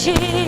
Jesus.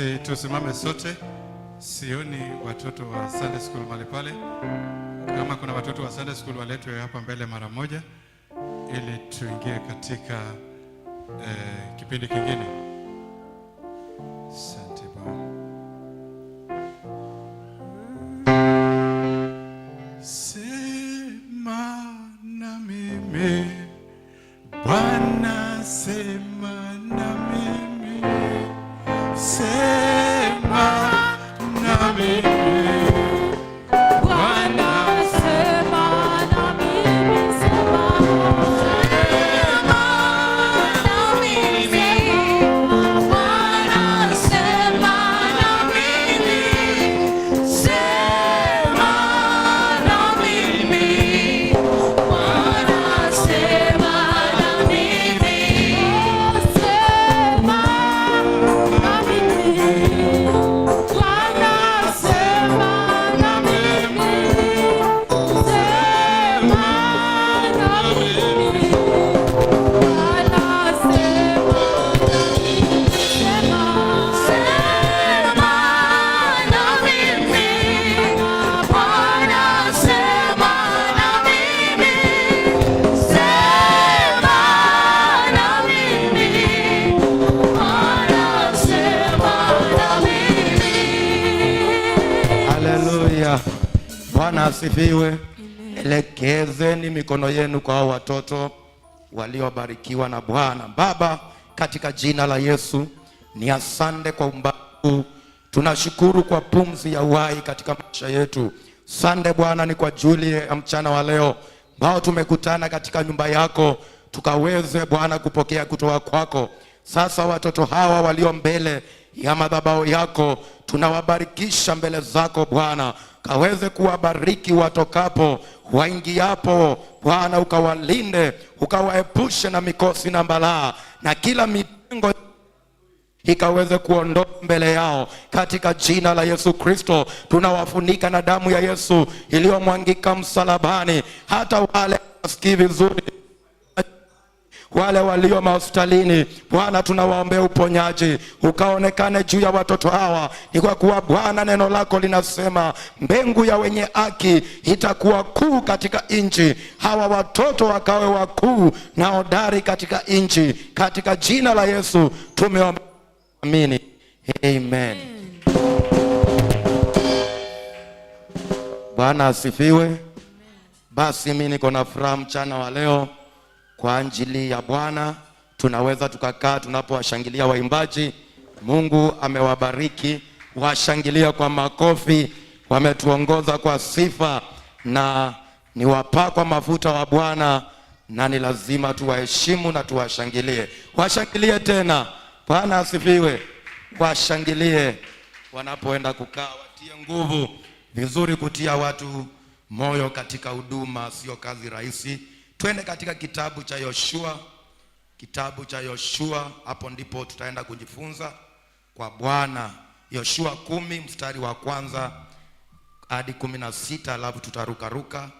Basi tusimame sote. Sioni watoto wa Sunday school mahali pale. Kama kuna watoto wa Sunday school waletwe hapa mbele mara moja, ili tuingie katika eh, kipindi kingine. Sema na mimi Bwana, sema na asifiwe. Elekezeni mikono yenu kwa hao watoto waliobarikiwa na Bwana. Baba, katika jina la Yesu, ni asante kwa umbaku, tunashukuru kwa pumzi ya uhai katika maisha yetu. Sande Bwana ni kwa juli ya mchana wa leo ambao tumekutana katika nyumba yako, tukaweze Bwana kupokea kutoka kwako. Sasa watoto hawa walio mbele ya madhabahu yako tunawabarikisha mbele zako Bwana kaweze kuwabariki watokapo waingiapo. Bwana ukawalinde, ukawaepushe na mikosi na balaa, na kila mitengo ikaweze kuondoka mbele yao katika jina la Yesu Kristo. Tunawafunika na damu ya Yesu iliyomwangika msalabani, hata wale wasikii vizuri wale walio mahospitalini, Bwana tunawaombea uponyaji ukaonekane juu ya watoto hawa, ni kwa kuwa Bwana neno lako linasema mbingu ya wenye haki itakuwa kuu katika nchi, hawa watoto wakawe wakuu na hodari katika nchi, katika jina la Yesu tumeomba, amini, amen. Bwana asifiwe. Basi mimi niko na furaha mchana wa leo kwa ajili ya Bwana. Tunaweza tukakaa tunapowashangilia waimbaji. Mungu amewabariki, washangilia kwa makofi, wametuongoza kwa sifa na ni wapakwa mafuta wa Bwana, na ni lazima tuwaheshimu na tuwashangilie. Washangilie tena, Bwana asifiwe. Washangilie wanapoenda kukaa, watie nguvu vizuri, kutia watu moyo katika huduma sio kazi rahisi. Twende katika kitabu cha Yoshua, kitabu cha Yoshua, hapo ndipo tutaenda kujifunza kwa Bwana. Yoshua kumi mstari wa kwanza hadi kumi na sita alafu tutarukaruka.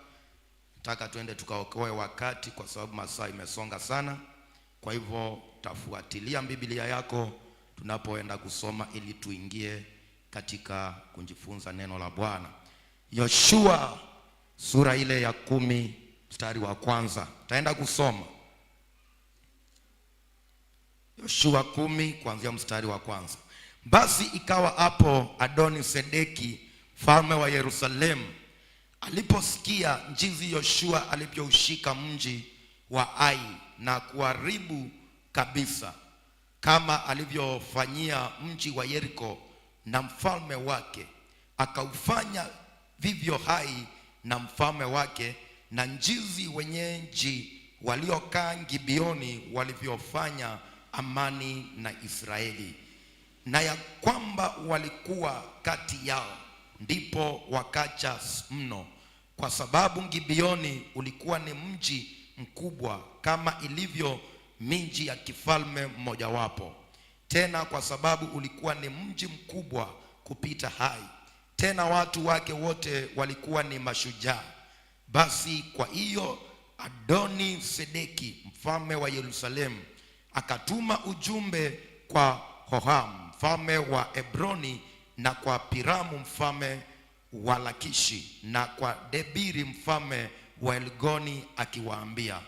Nataka twende tukaokoe wakati, kwa sababu masaa imesonga sana. Kwa hivyo tafuatilia Biblia yako tunapoenda kusoma, ili tuingie katika kujifunza neno la Bwana. Yoshua sura ile ya kumi mstari wa kwanza. Taenda kusoma Yoshua kumi kuanzia mstari wa kwanza. Basi ikawa hapo Adoni Sedeki mfalme wa Yerusalemu aliposikia jinsi Yoshua alivyoushika mji wa Ai na kuharibu kabisa kama alivyofanyia mji wa Yeriko na mfalme wake, akaufanya vivyo Hai na mfalme wake na njizi wenyeji waliokaa Gibeoni walivyofanya amani na Israeli, na ya kwamba walikuwa kati yao, ndipo wakacha mno, kwa sababu Gibeoni ulikuwa ni mji mkubwa kama ilivyo miji ya kifalme mmojawapo, tena kwa sababu ulikuwa ni mji mkubwa kupita Hai, tena watu wake wote walikuwa ni mashujaa basi kwa hiyo Adoni Sedeki mfalme wa Yerusalemu akatuma ujumbe kwa Hoham mfalme wa Hebroni na kwa Piramu mfalme wa Lakishi na kwa Debiri mfalme wa Elgoni akiwaambia,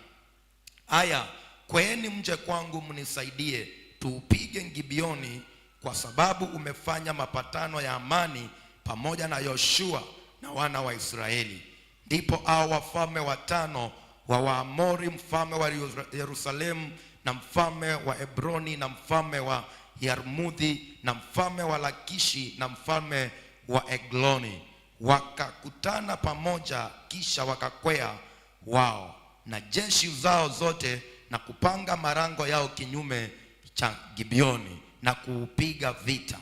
haya kweni mje kwangu mnisaidie, tuupige Gibeoni, kwa sababu umefanya mapatano ya amani pamoja na Yoshua na wana wa Israeli Ndipo hao wafalme watano wa Waamori, mfalme wa Yerusalemu na mfalme wa Hebroni na mfalme wa yarmudhi na mfalme wa Lakishi na mfalme wa Egloni wakakutana pamoja, kisha wakakwea wao na jeshi zao zote na kupanga marango yao kinyume cha Gibeoni na kuupiga vita.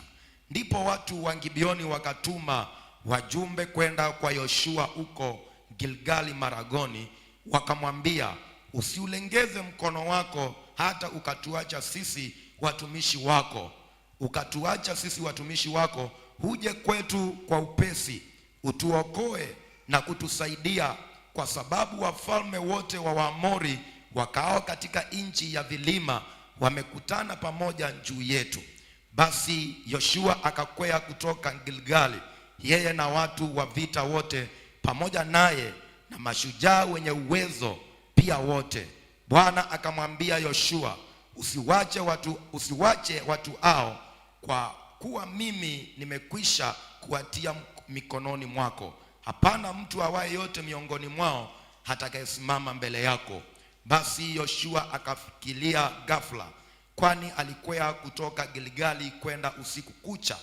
Ndipo watu wa Gibeoni wakatuma wajumbe kwenda kwa Yoshua huko Gilgali Maragoni, wakamwambia usiulengeze mkono wako hata ukatuacha sisi watumishi wako, ukatuacha sisi watumishi wako, huje kwetu kwa upesi, utuokoe na kutusaidia, kwa sababu wafalme wote wa Waamori wakao katika nchi ya vilima wamekutana pamoja juu yetu. Basi Yoshua akakwea kutoka Gilgali, yeye na watu wa vita wote pamoja naye na mashujaa wenye uwezo pia wote. Bwana akamwambia Yoshua, usiwache watu, usiwache watu hao, kwa kuwa mimi nimekwisha kuwatia mikononi mwako. Hapana mtu awaye yote miongoni mwao hatakayesimama mbele yako. Basi Yoshua akafikilia ghafla, kwani alikwea kutoka Gilgali kwenda usiku kucha.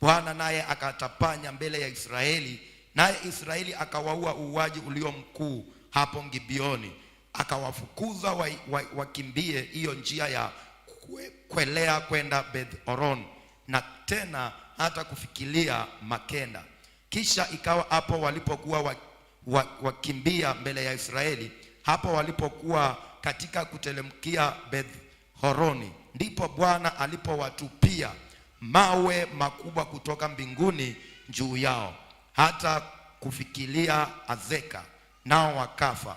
Bwana naye akatapanya mbele ya Israeli naye Israeli akawaua uuaji ulio mkuu hapo Gibeoni, akawafukuza wakimbie wa, wa hiyo njia ya kwe, kwelea kwenda Beth Oron na tena hata kufikilia makenda Kisha ikawa hapo walipokuwa wakimbia wa, wa mbele ya Israeli, hapo walipokuwa katika kutelemkia Beth Horoni, ndipo Bwana alipowatupia mawe makubwa kutoka mbinguni juu yao hata kufikilia azeka, nao wakafa.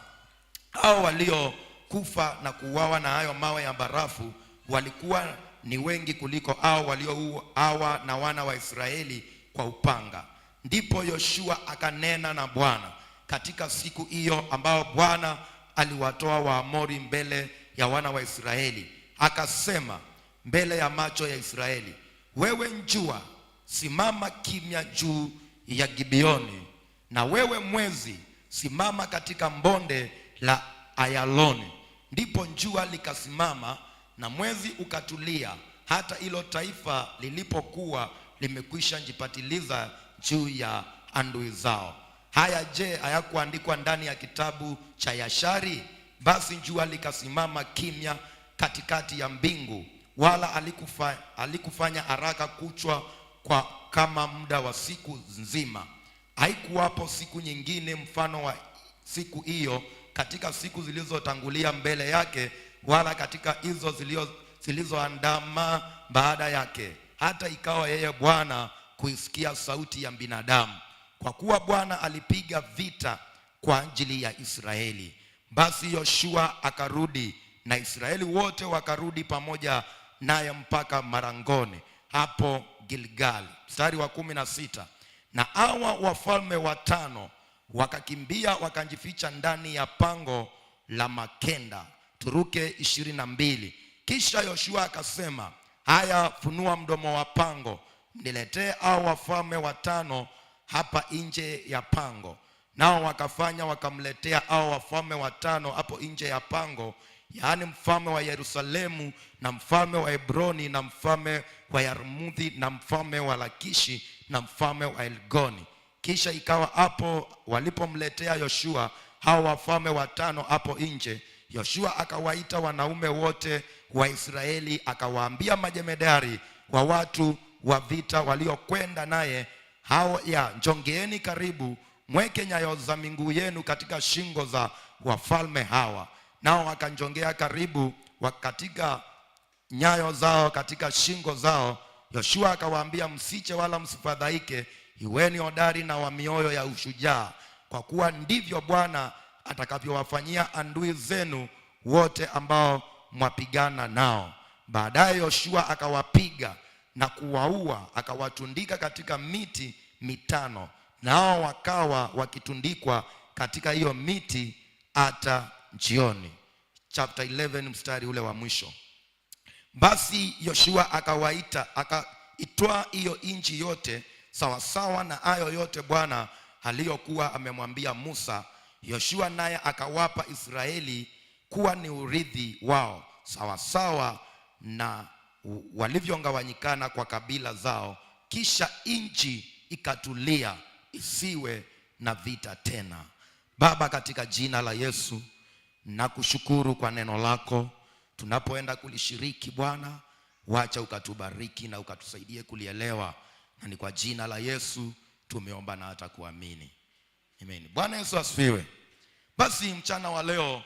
Hao waliokufa na kuuawa na hayo mawe ya barafu walikuwa ni wengi kuliko hao waliouawa na wana wa Israeli kwa upanga. Ndipo Yoshua akanena na Bwana katika siku hiyo ambayo Bwana aliwatoa Waamori mbele ya wana wa Israeli, akasema mbele ya macho ya Israeli, wewe njua, simama kimya juu ya Gibeoni, na wewe mwezi, simama katika bonde la Ayaloni. Ndipo jua likasimama na mwezi ukatulia, hata hilo taifa lilipokuwa limekwisha jipatiliza juu ya andui zao. Haya, je, hayakuandikwa ndani ya kitabu cha Yashari? Basi jua likasimama kimya katikati ya mbingu, wala alikufanya haraka kuchwa kwa kama muda wa siku nzima. Haikuwapo siku nyingine mfano wa siku hiyo katika siku zilizotangulia mbele yake, wala katika hizo zilizoandama baada yake, hata ikawa yeye Bwana kuisikia sauti ya binadamu, kwa kuwa Bwana alipiga vita kwa ajili ya Israeli. Basi Yoshua akarudi na Israeli wote wakarudi pamoja naye mpaka Marangoni hapo Gilgali. Mstari wa kumi na sita, na hawa wafalme watano wakakimbia wakajificha ndani ya pango la makenda. Turuke ishirini na mbili. Kisha Yoshua akasema, haya, funua mdomo wa pango, niletee hao wafalme watano hapa nje ya pango. Nao wakafanya wakamletea hao wafalme watano hapo nje ya pango, yaani mfalme wa Yerusalemu na mfalme wa Hebroni na mfalme wa Yarmuthi na mfalme wa Lakishi na mfalme wa Elgoni. Kisha ikawa hapo walipomletea Yoshua hao wafalme watano hapo nje, Yoshua akawaita wanaume wote wa Israeli, akawaambia majemedari wa watu wa vita waliokwenda naye hao, ya njongeeni karibu, mweke nyayo za miguu yenu katika shingo za wafalme hawa. Nao wakanjongea karibu wakatika nyayo zao katika shingo zao. Yoshua akawaambia, msiche wala msifadhaike, iweni hodari na wa mioyo ya ushujaa, kwa kuwa ndivyo Bwana atakavyowafanyia adui zenu wote ambao mwapigana nao. Baadaye Yoshua akawapiga na kuwaua, akawatundika katika miti mitano, nao wakawa wakitundikwa katika hiyo miti hata jioni. Chapter 11 mstari ule wa mwisho. Basi Yoshua akawaita akaitwa hiyo nchi yote sawasawa na hayo yote Bwana aliyokuwa amemwambia Musa. Yoshua naye akawapa Israeli kuwa ni urithi wao sawasawa na walivyongawanyikana kwa kabila zao. Kisha nchi ikatulia isiwe na vita tena. Baba, katika jina la Yesu nakushukuru kwa neno lako tunapoenda kulishiriki Bwana, wacha ukatubariki na ukatusaidie kulielewa, na ni kwa jina la Yesu tumeomba na hata kuamini Amen. Bwana Yesu asifiwe. Basi mchana wa leo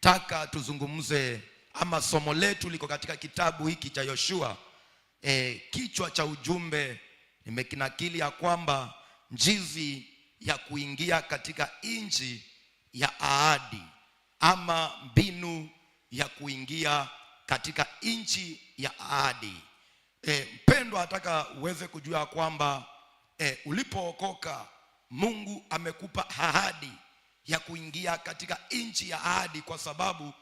taka tuzungumze ama somo letu liko katika kitabu hiki cha Yoshua. E, kichwa cha ujumbe nimekinakili ya kwamba njizi ya kuingia katika nchi ya ahadi ama mbinu ya kuingia katika nchi ya ahadi. E, mpendwa ataka uweze kujua kwamba e, ulipookoka Mungu amekupa ahadi ya kuingia katika nchi ya ahadi, kwa sababu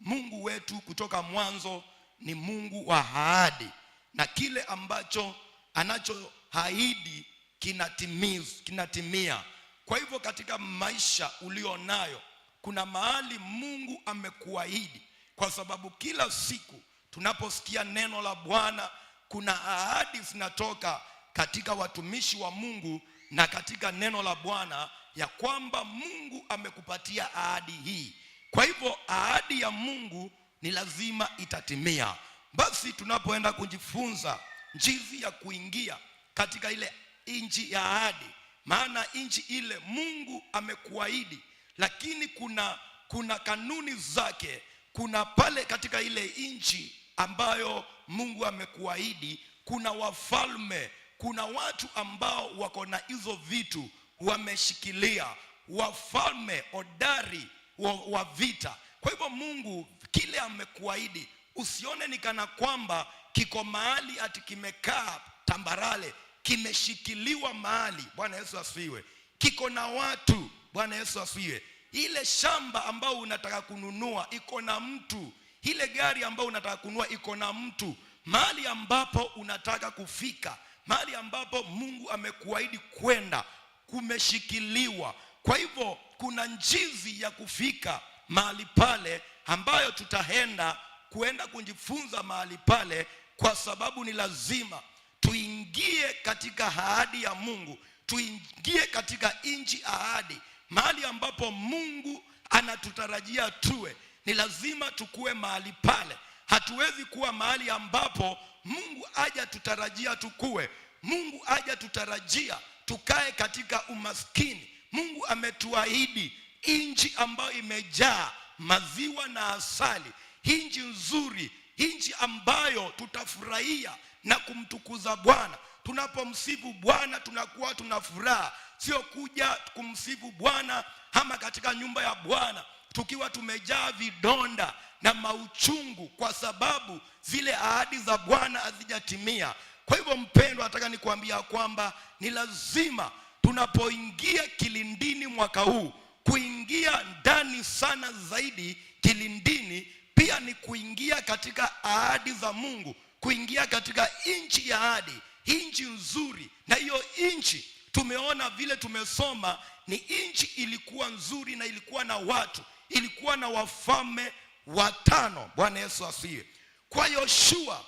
Mungu wetu kutoka mwanzo ni Mungu wa ahadi, na kile ambacho anachoahidi kinatimiz kinatimia. Kwa hivyo katika maisha ulionayo kuna mahali Mungu amekuahidi kwa sababu kila siku tunaposikia neno la Bwana kuna ahadi zinatoka katika watumishi wa Mungu na katika neno la Bwana ya kwamba Mungu amekupatia ahadi hii. Kwa hivyo ahadi ya Mungu ni lazima itatimia. Basi tunapoenda kujifunza njizi ya kuingia katika ile nchi ya ahadi, maana nchi ile Mungu amekuahidi, lakini kuna kuna kanuni zake kuna pale katika ile nchi ambayo Mungu amekuahidi, kuna wafalme, kuna watu ambao wako na hizo vitu wameshikilia, wafalme odari wa, wa vita. Kwa hivyo Mungu kile amekuahidi, usione ni kana kwamba kiko mahali ati kimekaa tambarale, kimeshikiliwa mahali. Bwana Yesu asifiwe. Kiko na watu. Bwana Yesu asifiwe ile shamba ambao unataka kununua iko na mtu, ile gari ambao unataka kununua iko na mtu, mahali ambapo unataka kufika, mahali ambapo Mungu amekuahidi kwenda kumeshikiliwa. Kwa hivyo kuna njizi ya kufika mahali pale ambayo tutaenda kuenda kujifunza mahali pale, kwa sababu ni lazima tuingie katika ahadi ya Mungu, tuingie katika nchi ahadi mahali ambapo Mungu anatutarajia tuwe, ni lazima tukuwe mahali pale. Hatuwezi kuwa mahali ambapo Mungu aja tutarajia tukuwe. Mungu aja tutarajia tukae katika umaskini. Mungu ametuahidi nchi ambayo imejaa maziwa na asali, nchi nzuri, nchi ambayo tutafurahia na kumtukuza Bwana. Tunapomsifu Bwana tunakuwa tuna furaha sio kuja kumsifu Bwana ama katika nyumba ya Bwana tukiwa tumejaa vidonda na mauchungu, kwa sababu zile ahadi za Bwana hazijatimia. Kwa hivyo, mpendwa, nataka nikuambia kwamba ni lazima tunapoingia kilindini mwaka huu, kuingia ndani sana zaidi kilindini, pia ni kuingia katika ahadi za Mungu, kuingia katika nchi ya ahadi, nchi nzuri, na hiyo nchi tumeona vile tumesoma, ni nchi ilikuwa nzuri na ilikuwa na watu, ilikuwa na wafalme watano. Bwana Yesu asiye Kwa Yoshua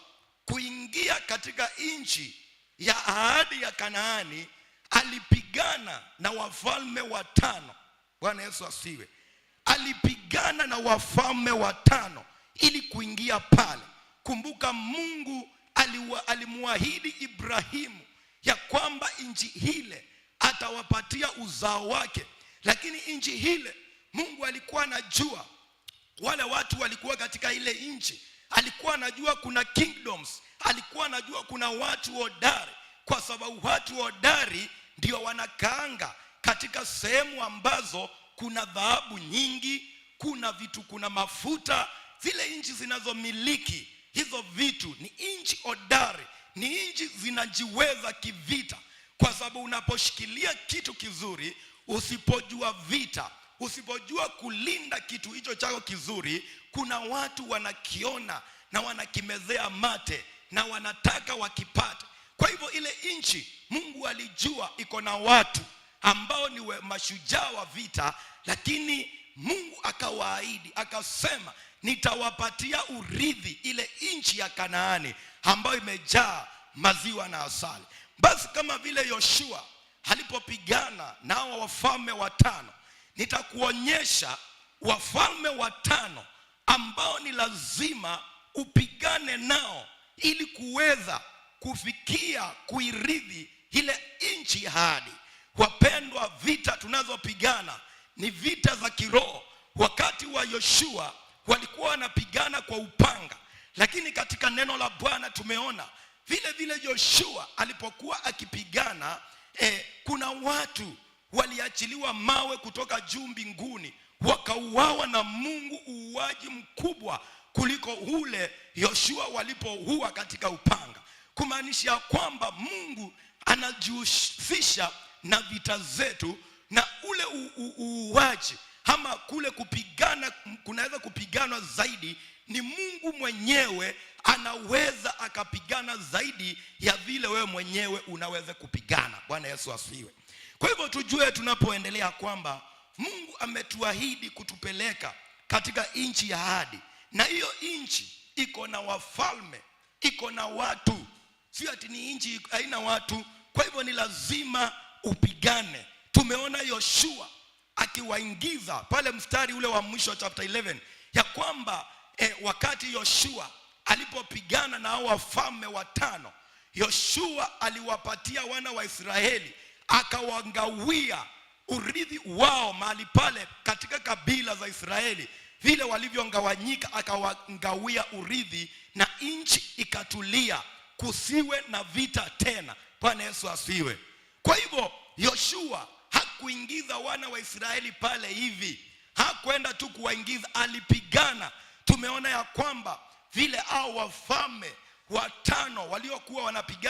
kuingia katika nchi ya ahadi ya Kanaani, alipigana na wafalme watano. Bwana Yesu asiwe Alipigana na wafalme watano ili kuingia pale. Kumbuka Mungu alimuahidi Ibrahimu ya kwamba nchi hile atawapatia uzao wake, lakini nchi hile Mungu alikuwa anajua wale watu walikuwa katika ile nchi, alikuwa anajua kuna kingdoms, alikuwa anajua kuna watu hodari, kwa sababu watu hodari ndio wanakaanga katika sehemu ambazo kuna dhahabu nyingi, kuna vitu, kuna mafuta, zile nchi zinazomiliki hizo vitu ni nchi odari, ni nchi zinajiweza kivita, kwa sababu unaposhikilia kitu kizuri, usipojua vita, usipojua kulinda kitu hicho chako kizuri, kuna watu wanakiona na wanakimezea mate na wanataka wakipate. Kwa hivyo ile nchi Mungu alijua iko na watu ambao ni mashujaa wa vita, lakini Mungu akawaahidi akasema, nitawapatia urithi ile nchi ya Kanaani ambayo imejaa maziwa na asali. Basi kama vile Yoshua alipopigana nao wafalme watano, nitakuonyesha wafalme watano ambao ni lazima upigane nao ili kuweza kufikia kuirithi ile nchi hadi Wapendwa, vita tunazopigana ni vita za kiroho. Wakati wa Yoshua walikuwa wanapigana kwa upanga, lakini katika neno la Bwana tumeona vile vile Yoshua alipokuwa akipigana eh, kuna watu waliachiliwa mawe kutoka juu mbinguni wakauawa na Mungu, uuaji mkubwa kuliko ule Yoshua walipouua katika upanga, kumaanisha kwamba Mungu anajihusisha na vita zetu na ule uuaji ama kule kupigana kunaweza kupiganwa zaidi, ni Mungu mwenyewe anaweza akapigana zaidi ya vile wewe mwenyewe unaweza kupigana. Bwana Yesu asifiwe. Kwa hivyo tujue tunapoendelea kwamba Mungu ametuahidi kutupeleka katika nchi ya ahadi, na hiyo nchi iko na wafalme, iko na watu, sio ati ni nchi haina watu. Kwa hivyo ni lazima upigane tumeona Yoshua akiwaingiza pale mstari ule wa mwisho wa chapter 11 ya kwamba eh, wakati Yoshua alipopigana na hao wafalme watano, Yoshua aliwapatia wana wa Israeli akawangawia urithi wao mahali pale katika kabila za Israeli vile walivyongawanyika, akawangawia urithi na nchi ikatulia, kusiwe na vita tena. Bwana Yesu asiwe. Kwa hivyo Yoshua hakuingiza wana wa Israeli pale hivi, hakwenda tu kuwaingiza, alipigana. Tumeona ya kwamba vile hao wafalme watano waliokuwa wanapigana